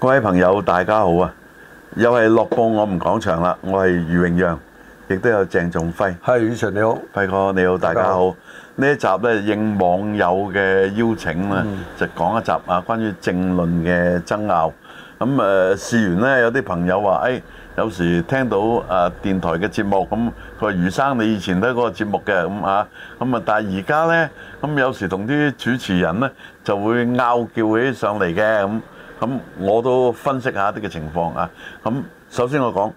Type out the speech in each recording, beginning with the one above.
各位朋友，大家好啊！又係樂報我們講場啦，我係余榮讓，亦都有鄭仲輝。係，余 sir 你好，輝哥你好，大家好。呢一集咧應網友嘅邀請啊，就講一集啊，關於政論嘅爭拗。咁誒，事緣咧有啲朋友話，誒，有時聽到誒電台嘅節目咁，佢話，余生你以前都係嗰個節目嘅咁啊，咁啊，但係而家咧咁有時同啲主持人咧就會拗叫起上嚟嘅咁。咁我都分析下啲嘅情況啊！咁首先我講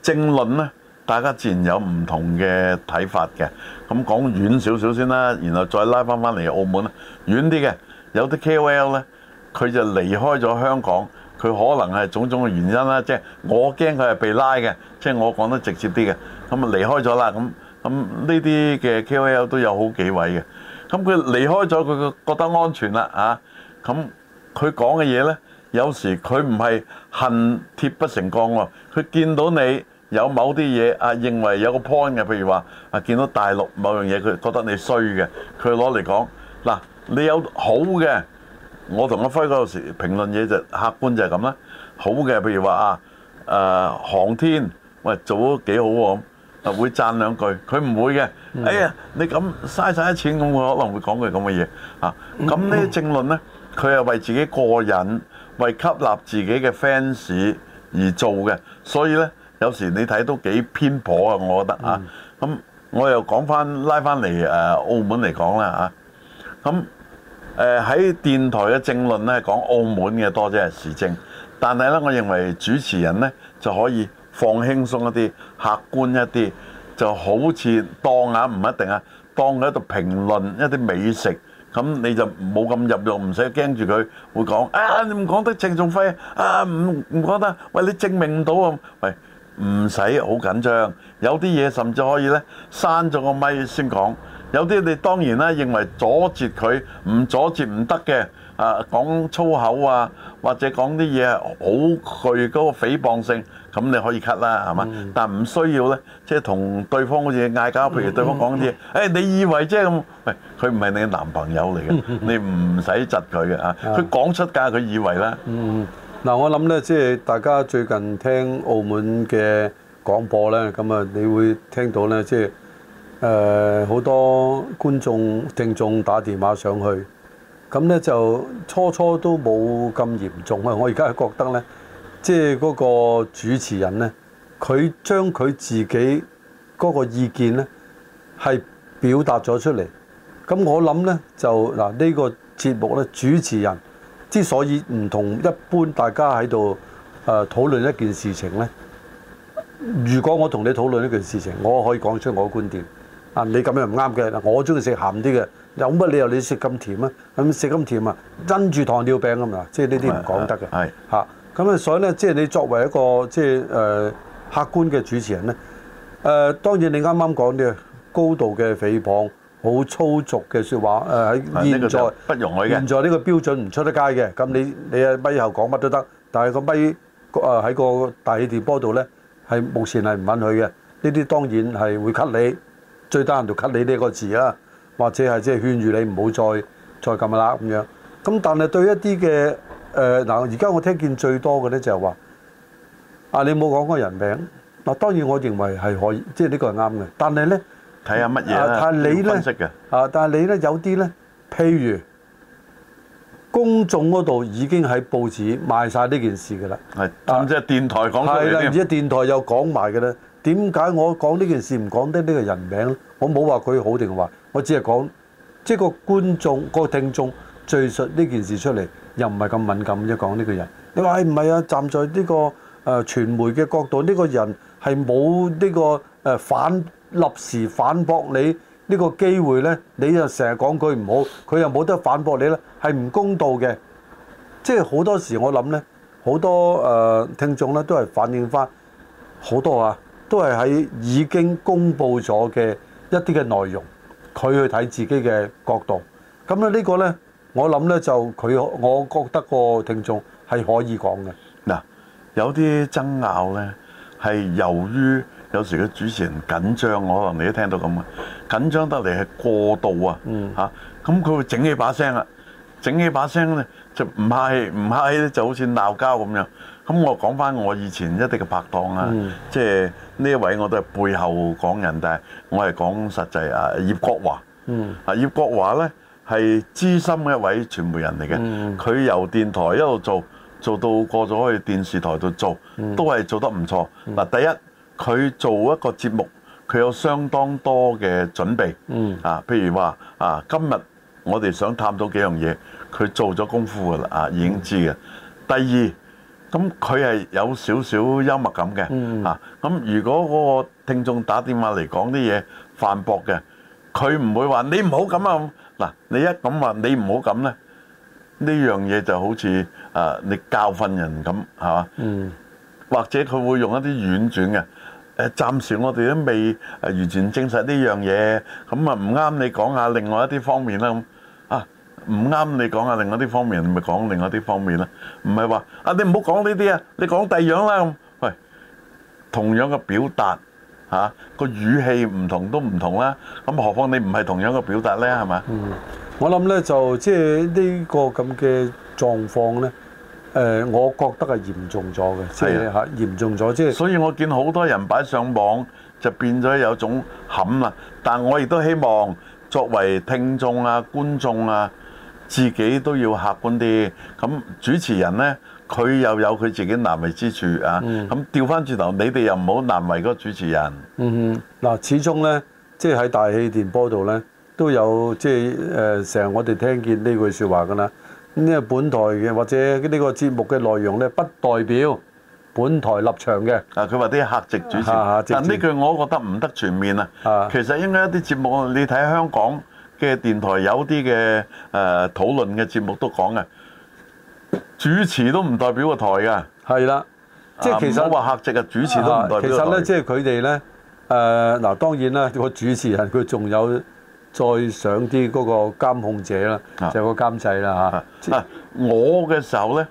政論呢，大家自然有唔同嘅睇法嘅。咁講遠少少先啦，然後再拉翻翻嚟澳門啦。遠啲嘅有啲 KOL 呢，佢就離開咗香港，佢可能係種種嘅原因啦。即係我驚佢係被拉嘅，即係我講得直接啲嘅。咁啊離開咗啦，咁咁呢啲嘅 KOL 都有好幾位嘅。咁佢離開咗，佢覺得安全啦啊！咁佢講嘅嘢呢，有時佢唔係恨鐵不成鋼喎、哦，佢見到你有某啲嘢，啊認為有個 point 嘅，譬如話啊見到大陸某樣嘢，佢覺得你衰嘅，佢攞嚟講嗱，你有好嘅，我同阿輝嗰陣時評論嘢就客觀就係咁啦，好嘅，譬如話啊誒、啊、航天喂、哎、做得幾好喎，啊會讚兩句，佢唔會嘅，哎呀你咁嘥晒啲錢，咁我可能會講句咁嘅嘢啊，咁呢啲政論呢，佢係為自己過癮。為吸納自己嘅 fans 而做嘅，所以呢，有時你睇都幾偏頗啊！我覺得、嗯、啊，咁我又講翻拉翻嚟誒澳門嚟講啦啊，咁、啊、喺電台嘅政論呢，講澳門嘅多啫係時政，但係呢，我認為主持人呢就可以放輕鬆一啲、客觀一啲，就好似當眼唔一定啊，當喺度評論一啲美食。咁你就冇咁入肉，唔使驚住佢會講啊！你唔講得鄭仲輝啊？唔唔講得？喂，你證明唔到啊？喂，唔使好緊張。有啲嘢甚至可以呢閂咗個咪先講。有啲你當然啦，認為阻截佢唔阻截唔得嘅啊，講粗口啊，或者講啲嘢好具嗰個誹謗性。咁你可以 cut 啦，係嘛？但係唔需要咧，即係同對方嗰啲嘢嗌交，譬如對方講啲嘢，誒，你以為即係咁？喂，佢唔係你男朋友嚟嘅，你唔使窒佢嘅嚇。佢講出㗎，佢以為啦。嗯，嗱，我諗咧，即係大家最近聽澳門嘅廣播咧，咁啊，你會聽到咧，即係誒好多觀眾聽眾打電話上去。咁咧就初初都冇咁嚴重啊！我而家覺得咧。即係嗰個主持人呢，佢將佢自己嗰個意見呢係表達咗出嚟。咁我諗呢，就嗱呢個節目呢，主持人之所以唔同一般大家喺度誒討論一件事情呢，如果我同你討論呢件事情，我可以講出我嘅觀點。啊，你咁樣唔啱嘅，我中意食鹹啲嘅，有乜理由你食咁甜啊？咁食咁甜啊，跟住糖尿病啊嘛，即係呢啲唔講得嘅嚇。咁啊，所以咧，即係你作為一個即係誒、呃、客觀嘅主持人咧，誒、呃、當然你啱啱講嘅高度嘅誹謗、好粗俗嘅説話，誒、呃、喺現在、啊這個、不容許嘅。現在呢個標準唔出得街嘅。咁你你喺咪後講乜都得，但係個咪啊喺、呃、個大氣電波度咧，係目前係唔允許嘅。呢啲當然係會 cut 你，最低限度 cut 你呢個字啦，或者係即係勸喻你唔好再再咁啦咁樣。咁但係對一啲嘅。誒嗱，而家、呃、我聽見最多嘅咧就係話啊，你冇講個人名嗱、啊。當然，我認為係可以，即係呢個係啱嘅。但係咧，睇下乜嘢咧？分析嘅啊，但係你咧、啊、有啲咧，譬如公眾嗰度已經喺報紙賣晒呢件事嘅啦，甚至係電台講出嚟嘅，而且電台又講埋嘅咧。點解我講呢件事唔講得呢個人名？我冇話佢好定壞，我只係講即係個觀眾嗰個聽眾敍述呢件事出嚟。又唔係咁敏感啫，講呢個人。你話係唔係啊？站在呢個誒傳媒嘅角度，呢個人係冇呢個誒反立時反駁你呢個機會咧，你又成日講佢唔好，佢又冇得反駁你咧，係唔公道嘅。即係好多時我諗咧，好多誒聽眾咧都係反映翻好多啊，都係喺已經公佈咗嘅一啲嘅內容，佢去睇自己嘅角度。咁咧呢個咧。我諗咧就佢，我覺得個聽眾係可以講嘅。嗱，有啲爭拗咧係由於有時個主持人緊張，我可能你都聽到咁嘅緊張得嚟係過度啊嚇，咁佢會整起把聲啊，整起把聲咧就唔客氣，唔客氣咧就好似鬧交咁樣。咁我講翻我以前一啲嘅拍檔啊，即係呢一位我都係背後講人，但係我係講實際啊葉國華，啊葉國華咧。係資深嘅一位傳媒人嚟嘅，佢、嗯、由電台一路做做到過咗去電視台度做，嗯、都係做得唔錯。嗱、嗯，第一佢做一個節目，佢有相當多嘅準備、嗯、啊，譬如話啊，今日我哋想探討幾樣嘢，佢做咗功夫㗎啦，啊已經知嘅。嗯、第二咁佢係有少少幽默感嘅、嗯、啊，咁如果嗰個聽眾打電話嚟講啲嘢反駁嘅，佢唔會話你唔好咁啊！嗱，你一咁話，你唔好咁咧，呢樣嘢就好似啊，你教訓人咁，係嘛？嗯。或者佢會用一啲婉轉嘅，誒，暫時我哋都未完全證實呢樣嘢，咁啊唔啱你講下另外一啲方面啦咁，啊，唔啱你講下另外一啲方面，咪講另外一啲方面啦，唔係話啊你唔好講呢啲啊，你講第二樣啦咁，喂，同樣嘅表達。嚇個語氣唔同都唔同啦，咁何況你唔係同樣嘅表達呢？係嘛？嗯，我諗呢就即係呢個咁嘅狀況呢，誒、呃，我覺得係嚴重咗嘅，即係嚇嚴重咗，即、就、係、係。所以我見好多人擺上網就變咗有種冚啦，但我亦都希望作為聽眾啊、觀眾啊，自己都要客觀啲。咁主持人呢。佢又有佢自己難為之處啊！咁調翻轉頭，你哋又唔好難為嗰個主持人。嗯哼，嗱，始終咧，即係喺大氣電波度咧，都有即係誒，成日我哋聽見呢句説話㗎啦。咁呢個本台嘅或者呢個節目嘅內容咧，不代表本台立場嘅。啊，佢話啲客席主持，但呢句我都覺得唔得全面啊。啊，其實應該一啲節目，你睇香港嘅電台有啲嘅誒討論嘅節目都講嘅。主持都唔代表個台嘅，係啦，即係其實唔好話客席嘅主持都唔代表。其實咧，即係佢哋咧，誒，嗱，當然啦，個主持人佢仲有再上啲嗰個監控者啦，就個監製啦吓。的我嘅時候咧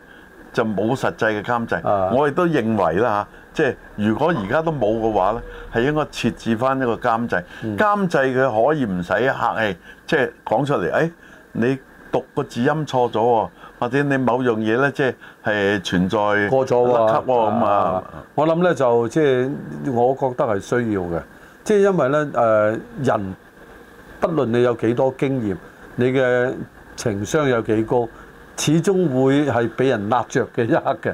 就冇實際嘅監製，我亦都認為啦吓，即、啊、係、就是、如果而家都冇嘅話咧，係應該設置翻一個監製。監製佢可以唔使客氣，即係講出嚟，誒、哎，你讀個字音錯咗。啊或者你某樣嘢咧，即係存在過咗㗎嘛。我諗咧就即係我覺得係需要嘅，即係因為咧誒、呃、人，不論你有幾多經驗，你嘅情商有幾高，始終會係俾人揦着嘅一刻嘅。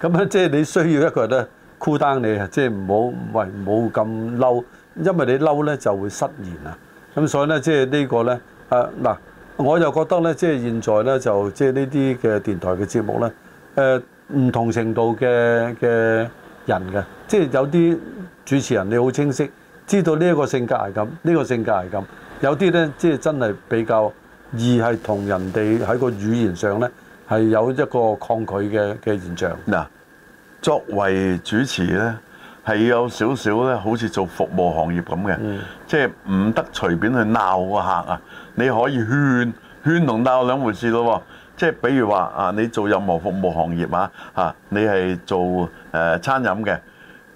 咁樣即係你需要一個人咧 cool down 你啊，即係唔好喂，唔好咁嬲，因為你嬲咧就會失言啊。咁所以咧即係呢個咧誒嗱。我又覺得咧，即係現在咧，就即係呢啲嘅電台嘅節目咧，誒、呃、唔同程度嘅嘅人嘅，即係有啲主持人你好清晰，知道呢一個性格係咁，呢、呢個性格係咁，有啲咧即係真係比較易係同人哋喺個語言上咧係有一個抗拒嘅嘅現象。嗱，作為主持咧。係有少少咧，好似做服務行業咁嘅，即係唔得隨便去鬧個客啊！你可以勸，勸同鬧兩回事咯。即係比如話啊，你做任何服務行業啊，嚇你係做誒餐飲嘅，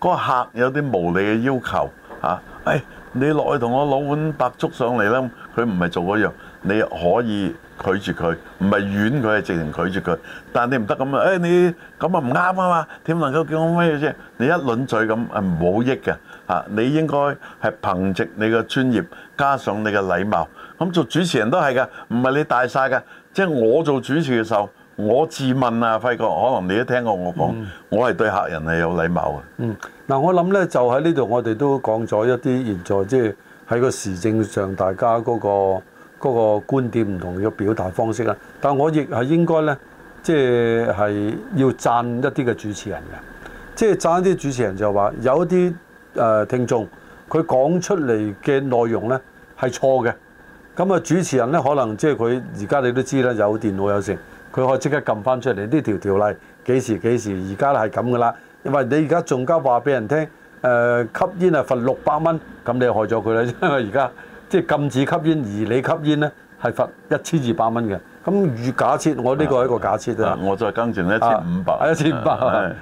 嗰個客有啲無理嘅要求嚇，誒你落去同我攞碗白粥上嚟啦，佢唔係做嗰樣，你可以，拒絕佢，唔係婉佢，係直情拒絕佢。但你唔得咁啊！誒，你咁啊唔啱啊嘛？點能夠叫我咩啫？你一輪嘴咁係唔好益嘅嚇、啊。你應該係憑藉你嘅專業，加上你嘅禮貌。咁、啊、做主持人都係㗎，唔係你大晒㗎。即、就、係、是、我做主持嘅時候，我自問啊，輝哥，可能你都聽過我講，嗯、我係對客人係有禮貌嘅、嗯。嗯，嗱，我諗咧，就喺呢度，我哋都講咗一啲現、就是、在即係喺個時政上大家嗰、那個。嗰個觀點唔同嘅表達方式啦，但我亦係應該呢，即係要讚一啲嘅主持人嘅，即係讚一啲主持人就話有啲誒、呃、聽眾，佢講出嚟嘅內容呢係錯嘅，咁啊主持人呢，可能即係佢而家你都知啦，有電腦有成，佢可以即刻撳翻出嚟呢條條例幾時幾時而家係咁噶啦，因為你而家仲加話俾人聽誒吸煙係罰六百蚊，咁你害咗佢啦，因為而家。即係禁止吸煙，而你吸煙咧係罰一千二百蚊嘅。咁預假設，我呢個係一個假設 啊。我再更正一千五百。一千五百。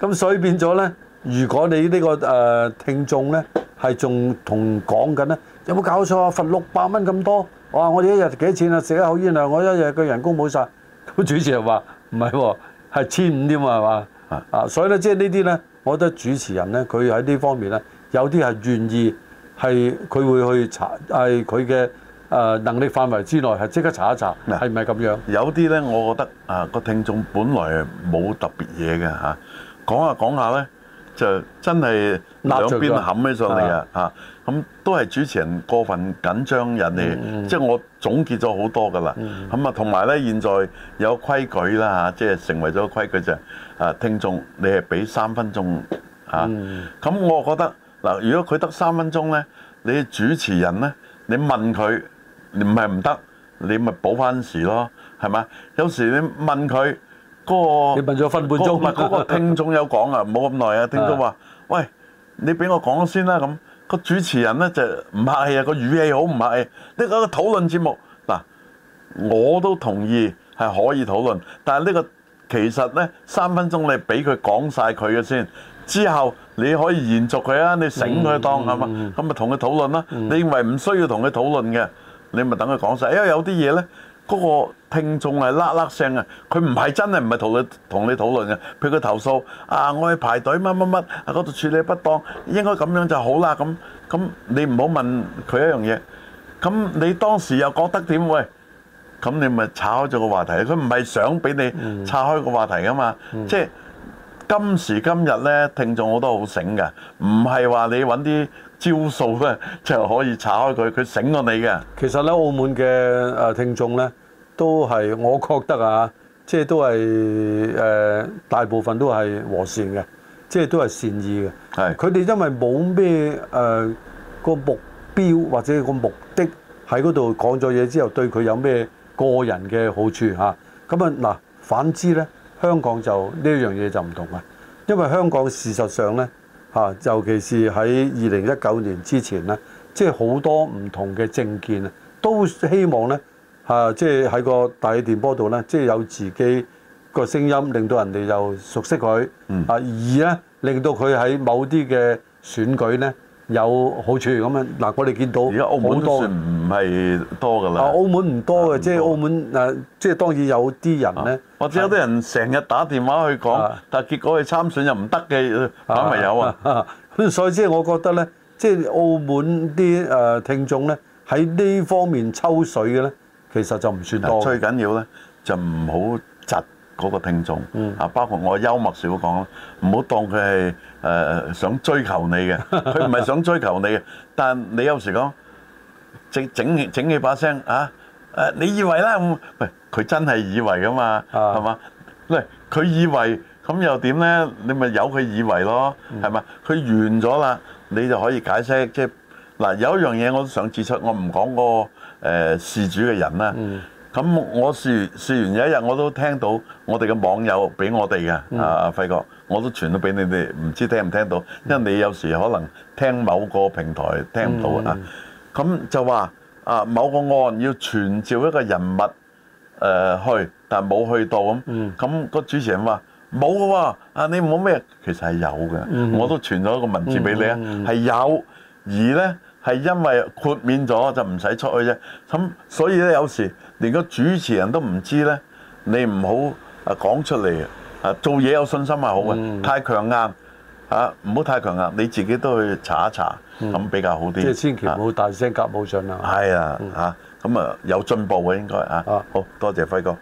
咁所以變咗咧，如果你呢個誒聽眾咧係仲同講緊咧，有冇搞錯啊？罰六百蚊咁多？哇！我哋一日幾錢啊？食一口煙啊，我一日嘅人工冇晒。個 主持人話：唔係喎，係千五添嘛，係嘛？啊，所以咧，即係呢啲咧，我覺得主持人咧，佢喺呢方面咧，面有啲係願意。係佢會去查，係佢嘅誒能力範圍之內，係即刻查一查，係唔係咁樣？有啲咧，我覺得啊，個聽眾本來冇特別嘢嘅嚇，講下講下咧，就真係兩邊冚起上嚟啊！嚇，咁都係主持人過分緊張人哋，即係我總結咗好多噶啦。咁啊，同埋咧，現在有規矩啦嚇、啊，即係成為咗規矩就係啊，聽眾你係俾三分鐘嚇，咁我覺得。啊嗯嗯嗯嗯嗯嗯嗯嗯嗱，如果佢得三分鐘呢，你主持人呢？你問佢唔係唔得，你咪補翻時咯，係咪？有時你問佢嗰、嗰個，你問咗分半鐘、嗰個，咪、嗰、嗰個聽眾 有講啊，冇咁耐啊，聽眾話，是的 喂，你俾我講先啦咁。嗰個主持人呢，就唔客氣啊，嗰個語氣好唔客氣。呢、呢個、個討論節目，嗱，我都同意係可以討論，但係呢、呢個其實呢，三分鐘你俾佢講晒佢嘅先，之後。你可以延續佢啊，你醒佢當係嘛，咁咪同佢討論啦。你認為唔需要同佢討論嘅，你咪等佢講晒。因為有啲嘢呢，嗰個聽眾係嗱嗱聲啊，佢唔係真係唔係同你同你討論嘅。譬如佢投訴啊，我去排隊乜乜乜，啊嗰度處理不當，應該咁樣就好啦咁。咁你唔好問佢一樣嘢。咁你當時又覺得點？喂，咁你咪岔開咗個話題。佢唔係想俾你岔開個話題㗎嘛，即係。今時今日咧，聽眾我都好醒嘅，唔係話你揾啲招數咧就可以炒開佢，佢醒過你嘅。其實咧，澳門嘅誒聽眾咧，都係我覺得啊，即係都係誒、呃、大部分都係和善嘅，即係都係善意嘅。係。佢哋因為冇咩誒個目標或者個目的喺嗰度講咗嘢之後，對佢有咩個人嘅好處啊？咁啊嗱，反之咧。香港就呢樣嘢就唔同啦，因為香港事實上呢，嚇、啊，尤其是喺二零一九年之前呢，即係好多唔同嘅政見啊，都希望呢，嚇、啊，即係喺個大氣電波度呢，即係有自己個聲音，令到人哋又熟悉佢，啊、嗯，而呢，令到佢喺某啲嘅選舉呢。有好處咁樣，嗱，我哋見到而家澳門都算唔係多噶啦、啊。澳門唔多嘅多、啊，即係澳門嗱，即係當然有啲人咧，是或者有啲人成日打電話去講，啊、但係結果去參選又唔得嘅，反而有啊。所以即係我覺得咧，即係澳門啲誒聽眾咧，喺呢方面抽水嘅咧，其實就唔算多。最緊要咧就唔好窒。嗰個聽眾、嗯、啊，包括我幽默少講唔好當佢係誒想追求你嘅，佢唔係想追求你嘅。 但你有時講整整整幾把聲啊，誒、啊，你以為啦咁，喂佢真係以為噶嘛，係嘛？喂，佢以為咁、啊、又點咧？你咪由佢以為咯，係嘛、嗯？佢完咗啦，你就可以解釋，即係嗱有一樣嘢我都想指出，我唔講、個誒、呃、事主嘅人啦。嗯咁我説説完，有一日我都聽到我哋嘅網友俾我哋嘅、嗯、啊輝哥，我都傳咗俾你哋，唔知聽唔聽到？因為你有時可能聽某個平台聽唔到、嗯、啊。咁就話啊，某個案要傳召一個人物誒、呃、去，但係冇去到咁。咁、啊、個、嗯嗯啊、主持人話冇嘅喎，啊你冇咩？其實係有嘅，嗯、我都傳咗一個文字俾你啊，係、嗯嗯嗯嗯、有而呢。呢係因為豁免咗就唔使出去啫，咁所以咧有時連個主持人都唔知咧，你唔好啊講出嚟啊，做嘢有信心係好嘅，太強硬嚇唔好太強硬，你自己都去查一查咁、嗯、比較好啲。即、嗯就是、千祈唔好大聲夾冇進啊！係、嗯、啊嚇，咁啊有進步嘅應該嚇。啊、好多謝輝哥。